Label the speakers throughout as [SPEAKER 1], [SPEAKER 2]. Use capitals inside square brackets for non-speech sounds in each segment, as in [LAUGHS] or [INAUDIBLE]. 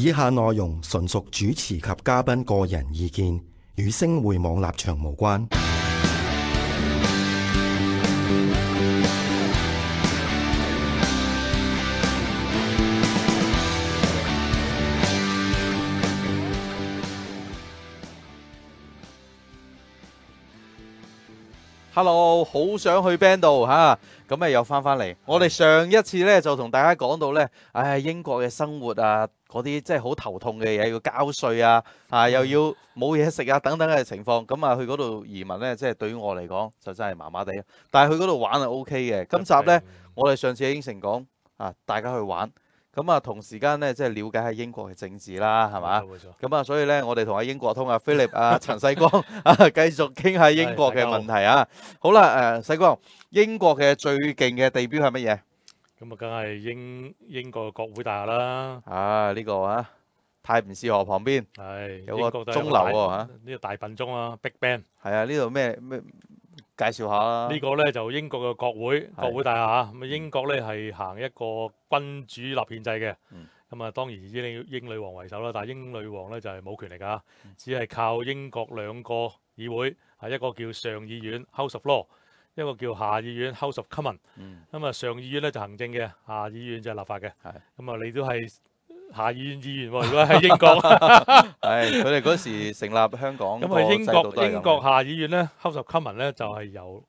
[SPEAKER 1] 以下內容純屬主持及嘉賓個人意見，與星匯網立場無關。 [MUSIC] Hello，好想去 BEN 度、啊、吓，咁啊又翻翻嚟。 [MUSIC] 我哋上一次呢，就同大家講到呢唉、哎，英國嘅生活啊。嗰啲即係好頭痛嘅嘢，要交稅啊，啊又要冇嘢食啊，等等嘅情況，咁啊去嗰度移民咧，即係對於我嚟講就真係麻麻地。但係去嗰度玩係 OK 嘅。今集咧，我哋上次喺應承講啊，大家去玩，咁啊同時間咧即係了解下英國嘅政治啦，係嘛？咁啊冇錯，所以咧我哋同阿英國通啊、Philip 啊、陳世光啊繼續傾下英國嘅問題啊。好啦，誒世光，英國嘅最勁嘅地標係乜嘢？
[SPEAKER 2] 咁啊，梗係英英國嘅
[SPEAKER 1] 國會大廈啦，啊呢、這個吓、啊、泰晤士河旁邊，係是有個鐘樓喎嚇，
[SPEAKER 2] 呢個大笨鐘啊，品啊，Big
[SPEAKER 1] Ben 係啊，啊呢度咩咩介紹下啦？呢個
[SPEAKER 2] 咧就英國嘅國會國會大廈，咁啊是英國咧係行一個君主立憲制嘅，咁啊、嗯、當然以英，英女王為首啦，但係英女王咧就係、是、冇權力啊，只係靠英國兩個議會，係一個叫上議院 House of Lords 一個叫下議院 House of Commons 咁啊、嗯、上議院咧就行政嘅，下議院就立法嘅。咁啊的你都係下議院議員喎， [LAUGHS] 如果喺英國，係佢哋
[SPEAKER 1] 嗰時成立香港咁啊英國英國
[SPEAKER 2] 下議院咧 House of Commons 咧就係由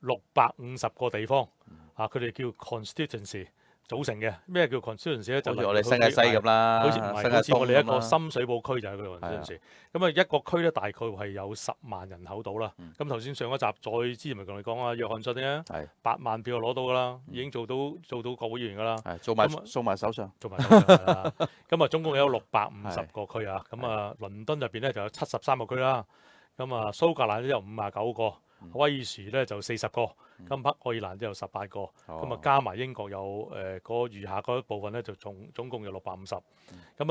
[SPEAKER 2] 六百五十個地方，啊佢哋叫 constituency。組成嘅咩，叫 constituency 咧？就好似我哋新界西咁啦，好似唔係，好似我哋一個深水埗區就係佢 constituency。咁啊，一個區咧大概係有十萬人口到啦。咁頭先上一集再之前咪同你講啊，約翰遜咧八萬票攞到噶啦，已經做到做到國會議員噶啦，做埋送埋手上，做埋咁啊，總共有六百五十個區啊。咁啊，倫敦入邊咧就有七十三個區啦。咁啊，蘇格蘭都有五十九個，威士咧就四十個。金北愛爾蘭都有十八個，咁啊、嗯、加埋英國有誒個、呃、餘下嗰一部分咧，就總總共有六百五十。咁啊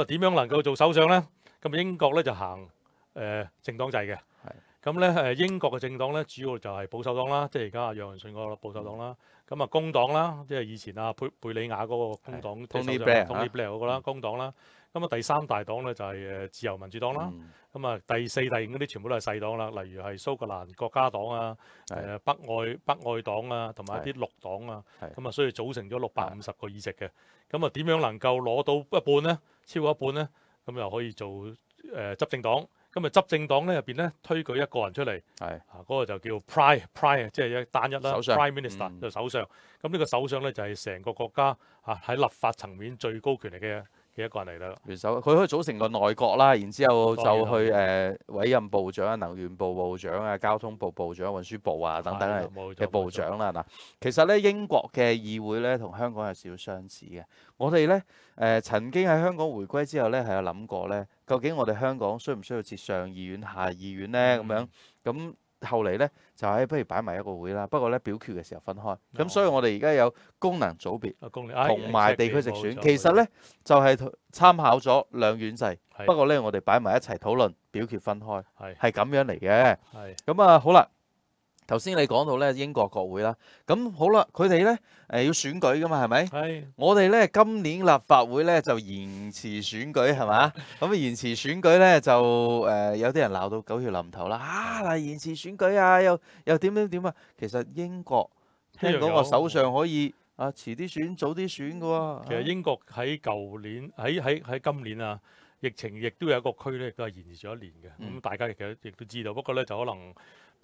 [SPEAKER 2] 點樣能夠做首相咧？咁英國咧就行誒、呃、政黨制嘅。係是。咁咧誒英國嘅政黨咧，主要就係保守黨啦，即係而家阿楊文信嗰個保守黨啦。咁啊、嗯、工黨啦，即係以前啊佩佩里亞嗰個工黨。Tony Blair，Tony Blair 嗰個啦，工黨啦。嗯咁啊，第三大黨咧就係誒自由民主黨啦。咁啊、嗯，第四、大，嗰啲全部都係細黨啦，例如係蘇格蘭國家黨啊、誒的北愛北愛黨啊，同埋一啲綠黨啊。咁啊的，所以組成咗六百五十個議席嘅。咁啊的，點樣能夠攞到一半呢？超過一半呢？咁又可以做誒、呃、執政黨。咁啊，執政黨咧入邊咧推舉一個人出嚟，係啊嗰個就叫 or, prime prime，即係一單一啦上，Prime Minister、嗯、就首相。咁呢個首相咧就係成個國家啊喺立法層面最高權力嘅。幾多個人嚟得
[SPEAKER 1] 咯？元首佢可以組成個內閣啦，然之後就去誒委任部長啊，能源部部部長啊，交通部部長、運輸部啊等等嘅部長啦。嗱，其實咧英國嘅議會咧同香港有少少相似嘅。我哋咧誒曾經喺香港回歸之後咧係有諗過咧，究竟我哋香港需唔需要設上議院、下議院咧？咁、嗯、樣咁。後嚟咧就係，不如擺埋一個會啦。不過咧表決嘅時候分開，咁的所以我哋而家有功能組別同埋能地區直選，其實咧就係、是、參考咗兩院制。的不過咧我哋擺埋一齊討論表決分開，係係咁樣嚟嘅。係咁的啊，好啦。頭先你講到咧英國國會啦，咁好啦，佢哋咧誒要選舉噶嘛，係咪？係是。我哋咧今年立法會咧就延遲選舉係嘛？咁延遲選舉咧就誒有啲人鬧到狗血淋頭啦啊！嗱，延遲選舉啊，又又點點點啊！其實英國聽講話首相可以啊，遲啲選早啲選噶喎、啊。其實英國喺
[SPEAKER 2] 舊年喺喺喺今年啊，疫情亦都有一個區咧，亦都係延遲咗一年嘅。咁大家亦其實亦都知道，不過咧就可能。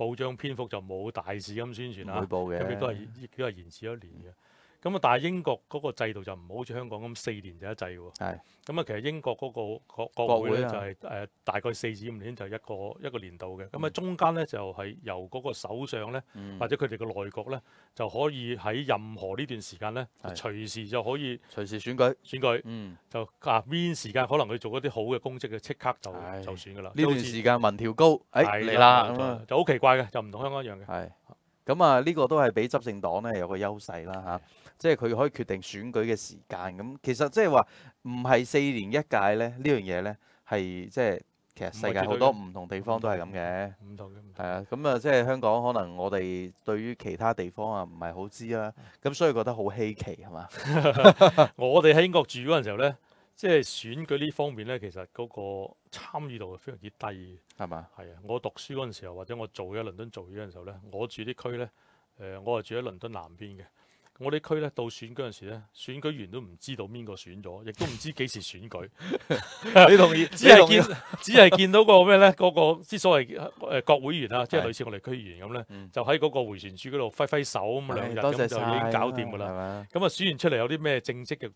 [SPEAKER 2] 報章篇幅就冇大肆咁宣傳啦，咁亦都係延遲一年嘅。嗯咁啊，但係英國嗰個制度就唔好似香港咁四年就一制喎。咁啊是，其實英國嗰個國國會咧就係誒大概四至五年就一個一個年度嘅。咁啊、嗯，中間咧就係由嗰個首相咧或者佢哋嘅內閣咧就可以喺任何呢段時間咧隨時就可以隨時選舉選舉。嗯、就啊，邊時間可能佢做一啲好嘅功績嘅，即刻就就選㗎啦。呢段時
[SPEAKER 1] 間民調高，係嚟啦，
[SPEAKER 2] 就好奇怪嘅，就唔同香港一樣嘅。
[SPEAKER 1] 係。咁啊，呢個都係俾執政黨咧有個優勢啦嚇。即係佢可以決定選舉嘅時間咁，其實即係話唔係四年一屆咧。呢樣嘢咧係即係其實世界好多唔同地方都係咁嘅，唔同嘅唔同。係啊，咁啊、嗯，即係香港可能我哋對於其他地方啊唔係好知啦，咁所以覺得好稀奇係嘛？ [LAUGHS] [LAUGHS] 我哋喺英國住
[SPEAKER 2] 嗰陣時候咧，即係選舉呢方面咧，其實嗰個參與度係非常之低嘅，係嘛吧？係啊，我讀書嗰陣時候或者我做喺倫敦做嘢嗰陣時候咧，我住啲區咧，誒、呃，我係住喺倫敦南邊嘅。我哋區咧到選嗰陣時咧，選舉員都唔知道邊個選咗，亦都唔知幾時選舉。 [LAUGHS] 你同意？只係見，同 [LAUGHS] 只係見到個咩咧？嗰個之所謂誒國會員啊，即係的類似我哋區議員咁咧，嗯、就喺嗰個回旋處嗰度揮揮手咁兩日，咁就已經搞掂㗎啦。咁啊選完出嚟有啲咩政績嘅，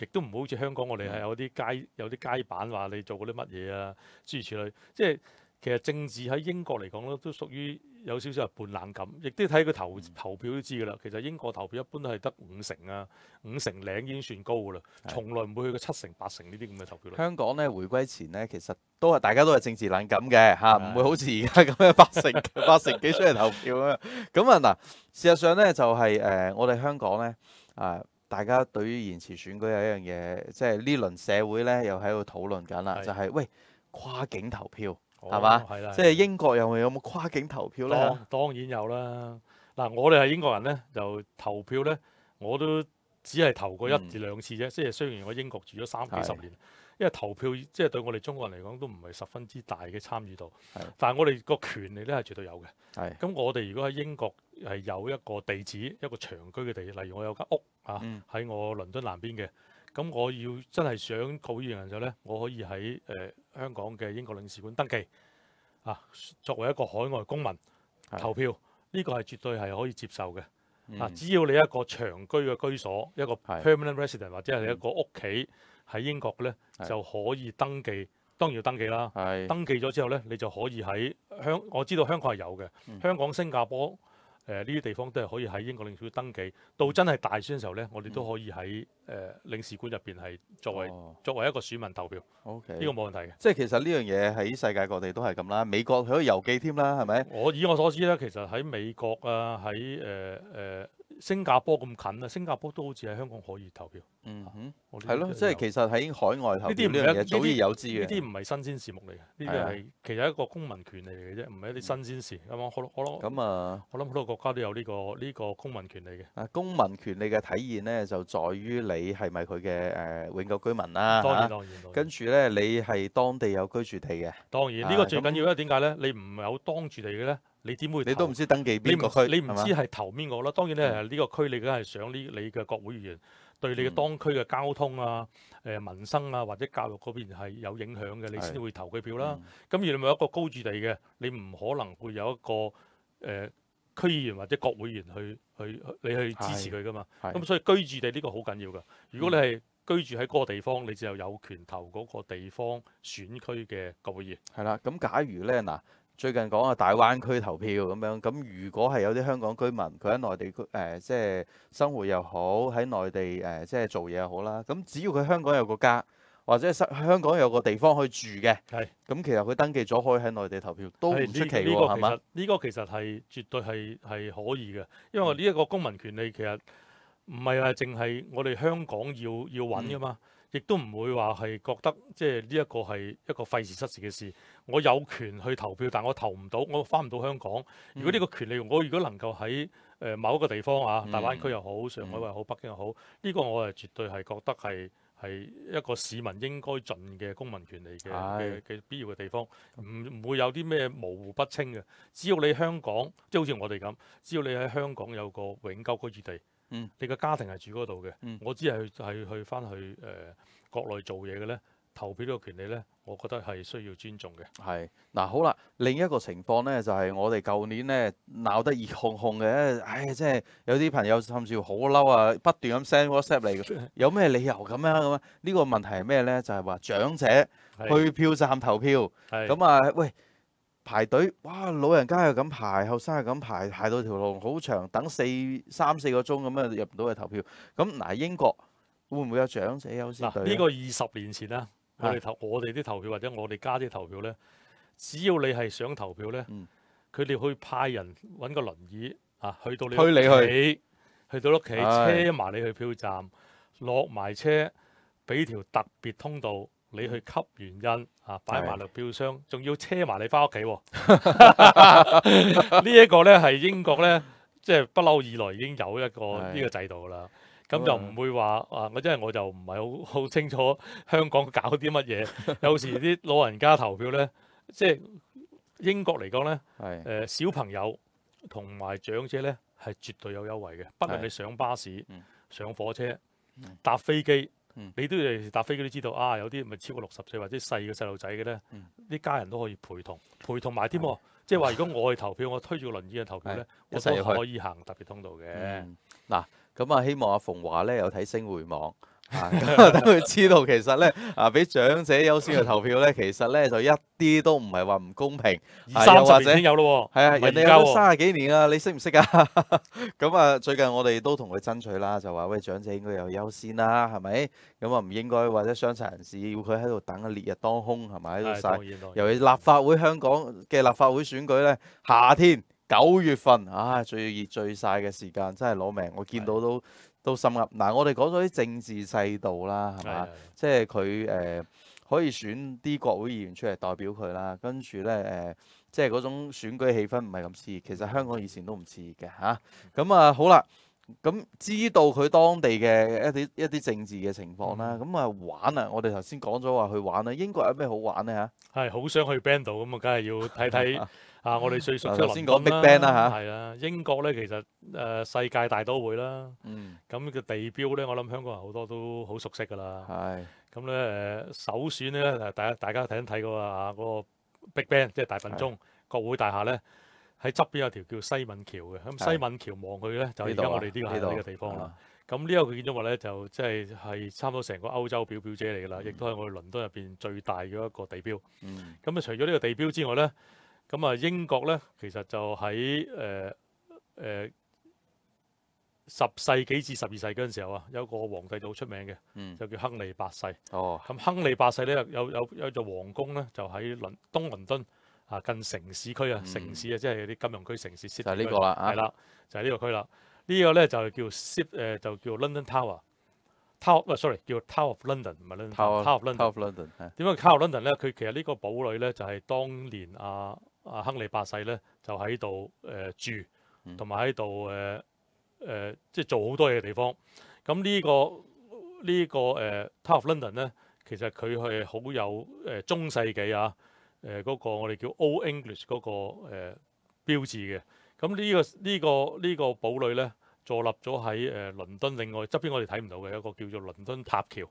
[SPEAKER 2] 亦都唔好似香港我哋係有啲街有啲街板話你做過啲乜嘢啊諸如此類。即係其實政治喺英國嚟講咧，都屬於。有少少係半冷感，亦都睇佢投投票都知噶啦。其實英國投票一般都係得五成啊，五成零已經算高噶啦，從來唔會去個七成八成呢啲咁嘅投票率。
[SPEAKER 1] 香港咧，回歸前咧，其實都係大家都係政治冷感嘅嚇，唔的會好似而家咁樣八成 [LAUGHS] 八成幾出嚟投票啊。咁啊嗱，事實上咧就係誒，我哋香港咧啊，大家對於延遲選舉有一樣嘢，即係呢輪社會咧又喺度討論緊啦，的就係、是、喂跨境投票。係嘛？係。即係英國有冇有冇跨境投票咧？當
[SPEAKER 2] 當然有啦。嗱，我哋係英國人呢，就投票呢，我都只係投過一至兩次啫。即係、嗯、雖然我英國住咗三幾十年，係。因為投票即係對我哋中國人嚟講都唔係十分之大嘅參與度。係。但係我哋個權利呢係絕對有嘅。咁係。我哋如果喺英國係有一個地址，一個長居嘅地址，例如我有間屋啊，喺、嗯、我倫敦南邊嘅。咁我要真係想告呢嘅人就呢，我可以喺誒、呃、香港嘅英國領事館登記啊，作為一個海外公民投票，呢的個係絕對係可以接受嘅啊！嗯、只要你一個長居嘅居所，一個 permanent resident 或者係一個屋企喺英國呢，的就可以登記。當然要登記啦，的登記咗之後呢，你就可以喺香。我知道香港係有嘅，嗯、香港、新加坡。誒呢啲地方都係可以喺英國領事館登記，到真係大選嘅時候呢，嗯、我哋都可以喺誒、呃、領事館入邊係作為、哦、作為一個選民投票。O K. 呢個冇問題嘅。
[SPEAKER 1] 即係其實呢樣嘢喺世界各地都係咁啦，美國佢可以郵寄添啦，係咪？我以我所知呢，
[SPEAKER 2] 其實喺美國啊，喺誒誒。呃呃新加坡咁近啊，新加坡都好似喺香港可以投票。嗯哼，係咯，即係
[SPEAKER 1] 其實喺海外投票呢啲呢樣嘢早已有之嘅。呢啲唔係新鮮事目嚟嘅，呢啲係
[SPEAKER 2] 其實一個公民權利嚟嘅啫，唔係一啲新鮮事。咁我我諗，咁啊，我諗好多國家都有呢個呢個公民權利嘅。
[SPEAKER 1] 啊，公民權利嘅體現咧，就在於你係咪佢嘅誒永久居民啦。當然當然。跟住咧，你係當地有居住地嘅。當然，呢個最
[SPEAKER 2] 緊要，因為點解咧？你唔係有當住地嘅咧？你點會你？你都唔知登記邊個區，你唔知係投邊個啦。吧當然咧，呢、這個區你梗係想呢，你嘅國會議員對你嘅當區嘅交通啊、誒、嗯呃、民生啊或者教育嗰邊係有影響嘅，你先會投佢票啦。咁如果你冇一個高住地嘅，你唔可能會有一個誒、呃、區議員或者國會議員去去你去支持佢㗎嘛？咁、嗯、所以居住地呢個好緊要㗎。如果你係居住喺嗰個地方，你就有權投嗰個地方選區嘅國會議員。
[SPEAKER 1] 係啦，咁假如咧嗱。最近講啊大灣區投票咁樣，咁如果係有啲香港居民，佢喺內地誒，即係生活又好，喺內地誒，即係做嘢又好啦。咁只要佢香港有個家，或者香港有個地方去住嘅，係咁是，其實佢登記咗可以喺內地投票都唔出奇喎，係嘛？呢、
[SPEAKER 2] 呢個其實係吧絕對係係可以嘅，因為呢一個公民權利其實唔係話淨係我哋香港要要搵㗎嘛。嗯亦都唔會話係覺得即係呢一個係一個費事失事嘅事。我有權去投票，但我投唔到，我翻唔到香港。如果呢個權利，我如果能夠喺誒某一個地方啊，大灣區又好，上海又好，北京又好，呢個我係絕對係覺得係係一個市民應該盡嘅公民權利嘅嘅必要嘅地方。唔唔會有啲咩模糊不清嘅。只要你香港，即係好似我哋咁，只要你喺香港有個永久居住地。嗯，你個家庭係住嗰度嘅，嗯、我只係係去翻去誒國內做嘢嘅咧，投票呢個權利咧，我覺得係需要尊重嘅。
[SPEAKER 1] 係，嗱、啊、好啦，另一個情況咧就係、是、我哋舊年咧鬧得熱烘烘嘅，唉、哎，即係有啲朋友甚至乎好嬲啊，不斷咁 send WhatsApp 嚟， [LAUGHS] 有咩理由咁樣咁樣？呢、這個問題係咩咧？就係、是、話長者去票站投票，咁啊，喂。排隊，哇！老人家又咁排，後生又咁排，排到條路好長，等四三四個鐘咁啊，入唔到去投票。咁嗱，英國會唔會有長者優先？呢、啊這個二十年前啦，
[SPEAKER 2] 的我哋投我哋啲投票或者我哋家啲投票咧，只要你係想投票咧，佢哋會派人揾個輪椅啊，去到你屋企，去，去到屋企車埋你去票站，落埋的車，俾條特別通道。你去吸原因啊，擺埋落票箱，仲是的 要車埋你翻屋企。呢一個呢，係 [LAUGHS] 英國呢，即係不嬲以來已經有一個呢是的 個制度啦。咁、啊、就唔會話啊，我真係我就唔係好好清楚香港搞啲乜嘢。有時啲老人家投票呢， [LAUGHS] 即係英國嚟講呢，誒是的、呃、小朋友同埋長者呢，係絕對有優惠嘅，不論你上巴士、上火車、搭飛機。你都要搭飛機都知道啊，有啲咪超過六十歲或者細嘅細路仔嘅咧，啲、嗯、家人都可以陪同，陪同埋添。即係話如果我去投票，我推住個輪椅去投票咧，一一我都可以行特別通
[SPEAKER 1] 道嘅、嗯。嗱、嗯，咁啊，希望阿馮華咧有睇星回網。咁啊，等佢知道其實咧，啊俾長者優先嘅投票咧，其實咧就一啲都唔係話唔公平，又或者有咯，係啊，人哋有三十幾年啦，你識唔識啊？咁啊，最近我哋都同佢爭取啦，就話喂，長者應該有優先啦，係咪？咁啊，唔應該或者傷殘人士要佢喺度等烈日當空，係咪喺度曬？當然啦，尤其立法會香港嘅立法會選舉咧，夏天九月份，唉，最熱最曬嘅時間，真係攞命，我見到都。都心噏，嗱，我哋講咗啲政治制度啦，係嘛？的即係佢誒可以選啲國會議員出嚟代表佢啦，跟住咧誒，即係嗰種選舉氣氛唔係咁熾熱。其實香港以前都唔熾熱嘅吓，咁啊、嗯嗯、好啦。咁知道佢當地嘅一啲一啲政治嘅情況啦，咁啊、嗯、玩啊，我哋頭先講咗話去玩啦。英國有咩好玩咧嚇？
[SPEAKER 2] 係好想去 Ben 度，咁啊，梗係要睇睇啊！我哋最熟悉先講 Big Ben 啦嚇，係啦，英國咧其實誒、呃、世界大都會啦，咁嘅、嗯、地標咧，我諗香港人好多都好熟悉噶啦，係、嗯。咁咧誒，首選咧就係大家睇睇過、嗰個 Big Ben 即係大笨鐘，的國會大廈咧。喺側邊有條叫西敏橋嘅，咁西敏橋望去咧就而家我哋呢啲行嘅地方啦。咁呢個建築物咧就即係係差唔多成個歐洲表表姐嚟㗎啦，亦都係我哋倫敦入邊最大嘅一個地標。咁啊、嗯，除咗呢個地標之外咧，咁啊英國咧其實就喺誒誒十世紀至十二世紀嗰陣時候啊，有個皇帝都好出名嘅，嗯、就叫亨利八世。哦，咁亨利八世咧有有有座皇宮咧，就喺倫東倫敦。啊，近城市區啊，嗯、城市啊，即係啲金融區，城市。就係呢個啦，係啦，就係、是、呢個區啦。呢、這個咧就叫 ship 誒、呃、就叫，London Tower, sorry, 叫 London on, Tower。Tower，sorry，叫 Tower of London 唔係 London Tower of London。點解 Tower of London 咧？佢其實個呢個堡壘咧，就係、是、當年阿、啊、阿、啊、亨利八世咧就喺度誒住，同埋喺度誒誒即係做好多嘢嘅地方。咁、嗯、呢、嗯這個呢、這個誒、呃、Tower of London 咧，其實佢係好有誒中世紀啊。誒嗰、呃那個我哋叫 Old English 嗰、那個誒、呃、標誌嘅，咁、這、呢個呢、這個呢、這個堡壘咧，坐立咗喺誒倫敦另外側邊，邊我哋睇唔到嘅一個叫做倫敦塔橋，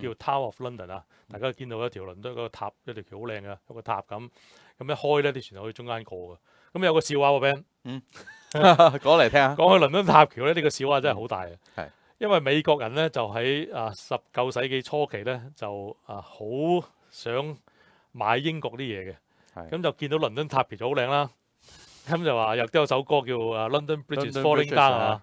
[SPEAKER 2] 叫 Tower of London 啊，大家見到一條倫敦嗰個塔一條橋好靚嘅有個塔咁，咁一開咧啲船可以中間過嘅，咁有個笑話喎、啊、，Ben，嗯， [LAUGHS] 講嚟聽下，講去倫敦塔橋咧，呢、這個笑話真係好大啊，係，因為美國人咧就喺啊十九世紀初期咧就啊好想。買英國啲嘢嘅，咁就見到倫敦塔橋就好靚啦，咁就話入邊有首歌叫《London Bridge Falling Down》啊，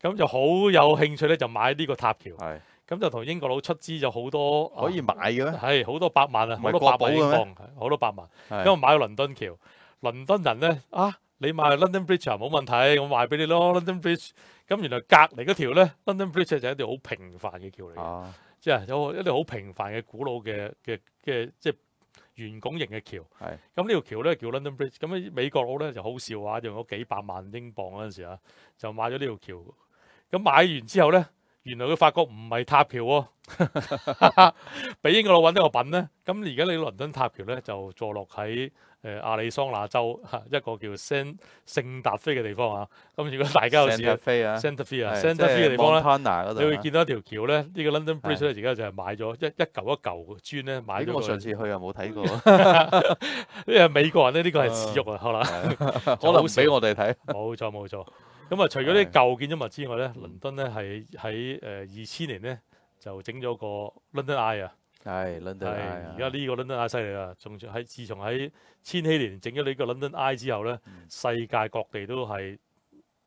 [SPEAKER 2] 咁就好有興趣咧，就買呢個塔橋。係，咁就同英國佬出資咗好多，可以買嘅咩？係好多百萬啊，好多百萬因咩？好買咗倫敦橋。倫敦人咧，啊，你買 London Bridge 冇問題，我賣俾你咯，London Bridge。咁原來隔離嗰條咧，London Bridge 就係一條好平凡嘅橋嚟，即係有一條好平凡嘅古老嘅嘅嘅即係。圓拱形嘅橋，咁呢條橋咧叫 London Bridge，咁美國佬咧就好笑啊，用咗幾百萬英鎊嗰陣時啊，就買咗呢條橋，咁買完之後咧。原來佢發覺唔係塔橋喎，俾英國佬揾到個品咧。咁而家你倫敦塔橋咧就坐落喺誒亞利桑那州，嚇一個叫聖聖達菲嘅地方啊。咁如果大家有試過，聖達菲啊，聖達菲啊，聖達菲嘅地方咧，你會見到一條橋咧。呢個、on 呢是一塊一塊個 London Bridge 咧，而家就係買咗一一嚿一嚿磚咧買咗。我上次去又冇睇過，呢 [LAUGHS] 為美國人咧呢、呢個係恥辱啊， [LAUGHS] [LAUGHS] 可能可能俾我哋睇。冇錯冇錯。咁啊，除咗啲舊建築物之外咧，倫敦咧係喺誒二千年咧就整咗個 London Eye 啊，係 London Eye，而家呢個 London Eye 犀利啦，仲喺自從喺千禧年整咗呢個 London Eye 之後咧，世界各地都係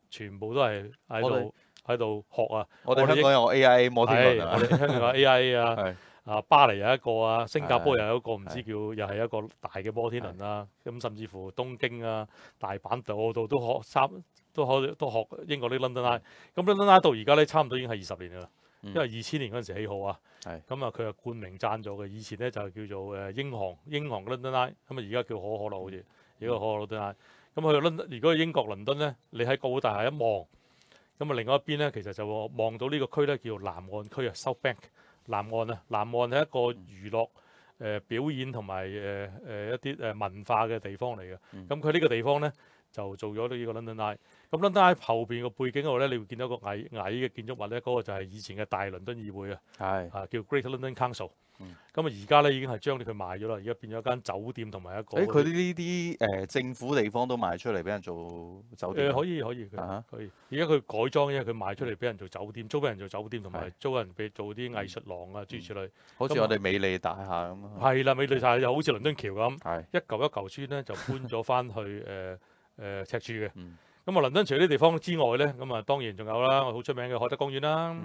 [SPEAKER 2] 全部都係喺度喺度學啊。我哋香港有 AIA 摩天輪啊，我哋香港有 AIA 啊， [LAUGHS] 啊巴黎有一個啊，新加坡又有一個唔對知叫對又係一個大嘅摩天輪啊。咁甚至乎東京啊、大阪度度都、都學參。都可都學英國啲 London 咁 London 到而家咧，差唔多已經係二十年啦。因為二千年嗰陣時起好啊，咁啊佢啊冠名贊咗嘅。以前咧就叫做誒英航，英航 London 咁啊而家叫可可樂好似，依個可可樂 London 咁去倫敦，如果英國倫敦咧，你喺國會大廈一望，咁啊另外一邊咧，其實就望到呢個區咧叫南岸區啊 s o Bank） 南。南岸啊，南岸係一個娛樂、誒表演同埋誒誒一啲誒文化嘅地方嚟嘅。咁佢呢個地方咧，就做咗呢個 London Eye。咁 London Eye 後邊個背景嗰度咧，你會見到一個矮矮嘅建築物咧，嗰、那個就係以前嘅大倫敦議會啊。係的啊，叫 Great London Council、嗯。咁啊，而家咧已經係將佢賣咗啦，而家變咗間酒店同埋一個。誒、欸，佢
[SPEAKER 1] 呢啲誒政府地方都賣出嚟俾人做酒店。可以、欸、可以，佢佢而
[SPEAKER 2] 家佢改裝，因為佢賣出嚟俾人做酒店，租俾人做酒店同埋的租人俾做啲藝術廊啊諸如此類。
[SPEAKER 1] 好似、嗯、我哋美利大廈咁啊。係
[SPEAKER 2] 啦、嗯，美利大廈又好似倫敦橋咁的的，一嚿一嚿磚咧就搬咗翻去誒。呃 [LAUGHS] 誒，赤柱嘅，咁啊，倫敦除咗啲地方之外咧，咁啊，當然仲有啦，好出名嘅海德公園啦，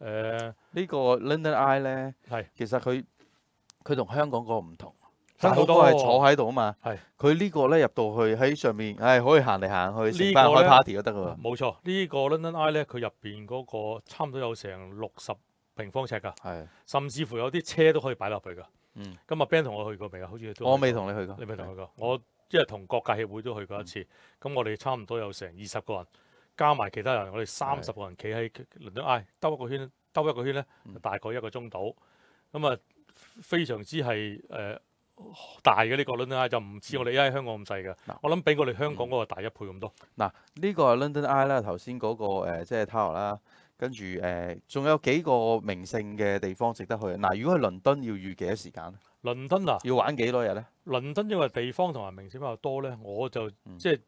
[SPEAKER 2] 誒，
[SPEAKER 1] 呢個 London Eye 咧，係，其實佢佢同香港個唔同，
[SPEAKER 2] 香港個係坐喺
[SPEAKER 1] 度啊嘛，係，佢呢個咧入到去喺上面，誒，可以行嚟行去，成班開 party 都得噶，
[SPEAKER 2] 冇錯，呢個 London Eye 咧，佢入邊嗰個差唔多有成六十平方尺噶，係，甚至乎有啲車都可以擺落去噶，咁阿 Ben 同我去過未啊？好似都我未同你去過，你未同去過，我。即係同國界協會都去過一次，咁、嗯、我哋差唔多有成二十個人，加埋其他人，我哋三十個人企喺倫敦 I 兜一個圈，兜一個圈咧，大概一個鐘度。咁、嗯、啊，嗯嗯、非常之係誒、呃、大嘅呢個倫敦 I，就唔似我哋喺香港咁細嘅。嗯、我諗比我哋香港嗰個大一倍咁多。
[SPEAKER 1] 嗱、嗯，呢、這個係 London Eye 啦，頭先嗰個即係 Tower 啦，跟住誒仲有幾個名勝嘅地方值得去。嗱、呃，如果去倫敦要預幾多時間？倫敦嗱、啊，要玩幾多日呢？
[SPEAKER 2] 倫敦因為地方同埋名勝比較多呢，我就即係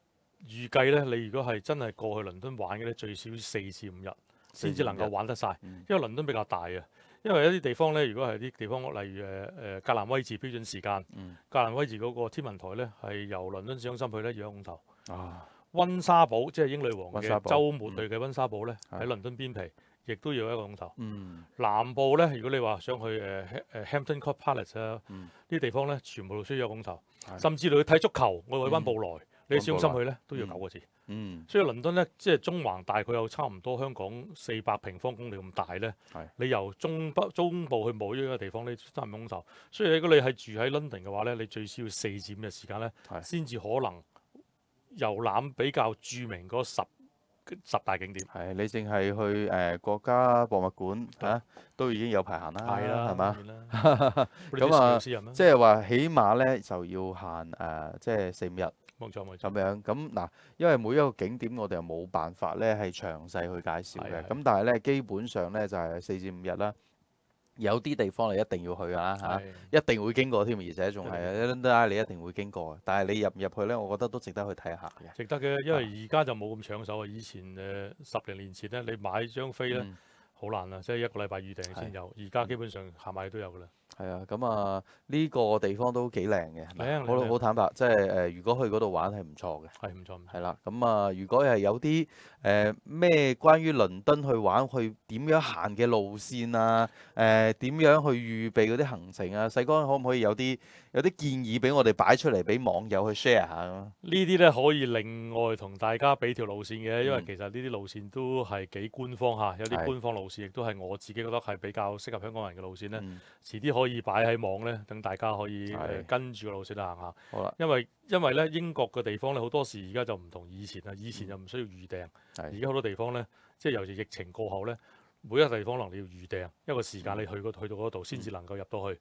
[SPEAKER 2] 預計呢。你如果係真係過去倫敦玩嘅呢，最少四至五日先至能夠玩得晒，因為倫敦比較大啊。因為一啲地方呢，如果係啲地方，例如誒誒、呃、格蘭威治標準時間，嗯、格蘭威治嗰個天文台呢，係由倫敦市中心去咧要一個鐘頭。啊，溫莎堡即係英女王嘅週末嘅溫莎堡呢，喺、嗯、倫敦邊皮。亦都要一個鐘頭。嗯、南部咧，如果你話想去誒誒、uh, uh, Hampton Court Palace 啊，啲、嗯、地方咧，全部都需要一個鐘頭。嗯、甚至你去睇足球，我去溫布萊，嗯、你小心去咧，嗯、都要九個字。嗯，所以倫敦咧，即係中環大概有差唔多香港四百平方公里咁大咧。嗯、你由中北中部去某一個地方，你都差唔多鐘頭。所以如果你係住喺 London 嘅話咧，你最少要四至五嘅時間咧，先至是是可能遊覽比較著名嗰十。十大景
[SPEAKER 1] 點係你淨係去誒、呃、國家博物館嚇，嗯、都已經有排行啦，係啦的，係嘛吧？咁啊，即係話起碼咧就要行誒，即係四五日。冇錯冇錯，咁樣咁嗱，因為每一個景點我哋又冇辦法咧係詳細去介紹嘅，咁的但係咧基本上咧就係、是、四至五日啦。有啲地方你一定要去啊嚇，一定的會經過添，而且仲係 London Eye 你一定會經過的，但係你入唔入去呢，我覺得都值得去睇下
[SPEAKER 2] 嘅。值得嘅，因為而家就冇咁搶手啊。的以前誒、呃、十零年前呢，你買張飛呢，好、嗯、難啊，即係一個禮拜預訂先有。而家的基本上下買都有㗎啦。
[SPEAKER 1] 係啊，咁啊呢個地方都幾靚嘅，好啊，好坦白，即係誒，如果去嗰度玩係唔錯嘅，係唔錯，係啦，咁啊，如果係有啲誒咩關於倫敦去玩，去點樣行嘅路線啊，誒、呃、點樣去預備嗰啲行程啊，細哥可唔可以有啲有啲建議俾我哋擺出嚟俾網友去 share 下？咁，呢啲
[SPEAKER 2] 咧可以另外同大家俾條路線嘅，因為其實呢啲路線都係幾官方吓，有啲官方路線亦都係我自己覺得係比較適合香港人嘅路線咧，遲啲可。嗯可以擺喺網呢，等大家可以跟住個路線行下。因為因為咧英國嘅地方咧好多時而家就唔同以前啦。以前就唔需要預訂，的而家好多地方呢，即係尤其疫情過後呢，每一個地方可能你要預訂一個時間，你去去到嗰度先至能夠入到去。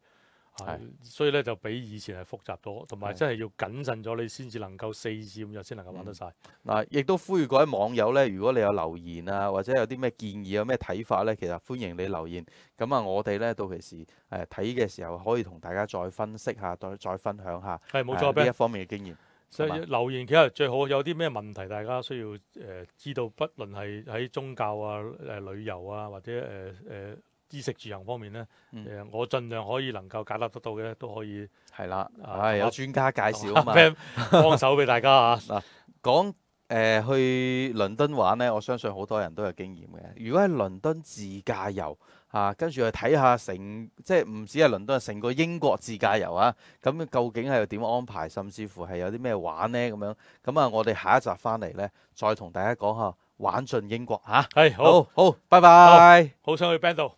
[SPEAKER 2] 係，所以咧就比以前係複雜多，同埋真係要謹慎咗，你先至能夠四至五日先能夠玩得晒、嗯。
[SPEAKER 1] 嗱，亦都呼籲各位網友咧，如果你有留言啊，或者有啲咩建議、有咩睇法咧，其實歡迎你留言。咁啊，我哋咧到其時誒睇嘅時候，可以同大家再分析下，再再分享下。係冇錯，邊、啊、一方面嘅經驗。所以吧
[SPEAKER 2] 留言其實最好有啲咩問題，大家需要誒、呃、知道，不論係喺宗教啊、誒旅遊啊，或者誒誒。呃衣食住行方面咧，誒、呃，我儘量可以能夠解答得到嘅咧，都可以。係啦，係有專家介紹啊嘛， [LAUGHS]
[SPEAKER 1] 幫手俾大家啊。嗱， [LAUGHS] 講、呃、誒去倫敦玩咧，我相信好多人都有經驗嘅。如果喺倫敦自駕遊嚇、啊，跟住去睇下成，即係唔止係倫敦，係成個英國自駕遊啊。咁、啊、究竟係點安排，甚至乎係有啲咩玩咧咁樣？咁啊，我哋下一集翻嚟咧，再同大家講下玩盡英國
[SPEAKER 2] 嚇。係、啊，好好，好
[SPEAKER 1] 好拜拜好
[SPEAKER 2] 好。好想去 BEN 度。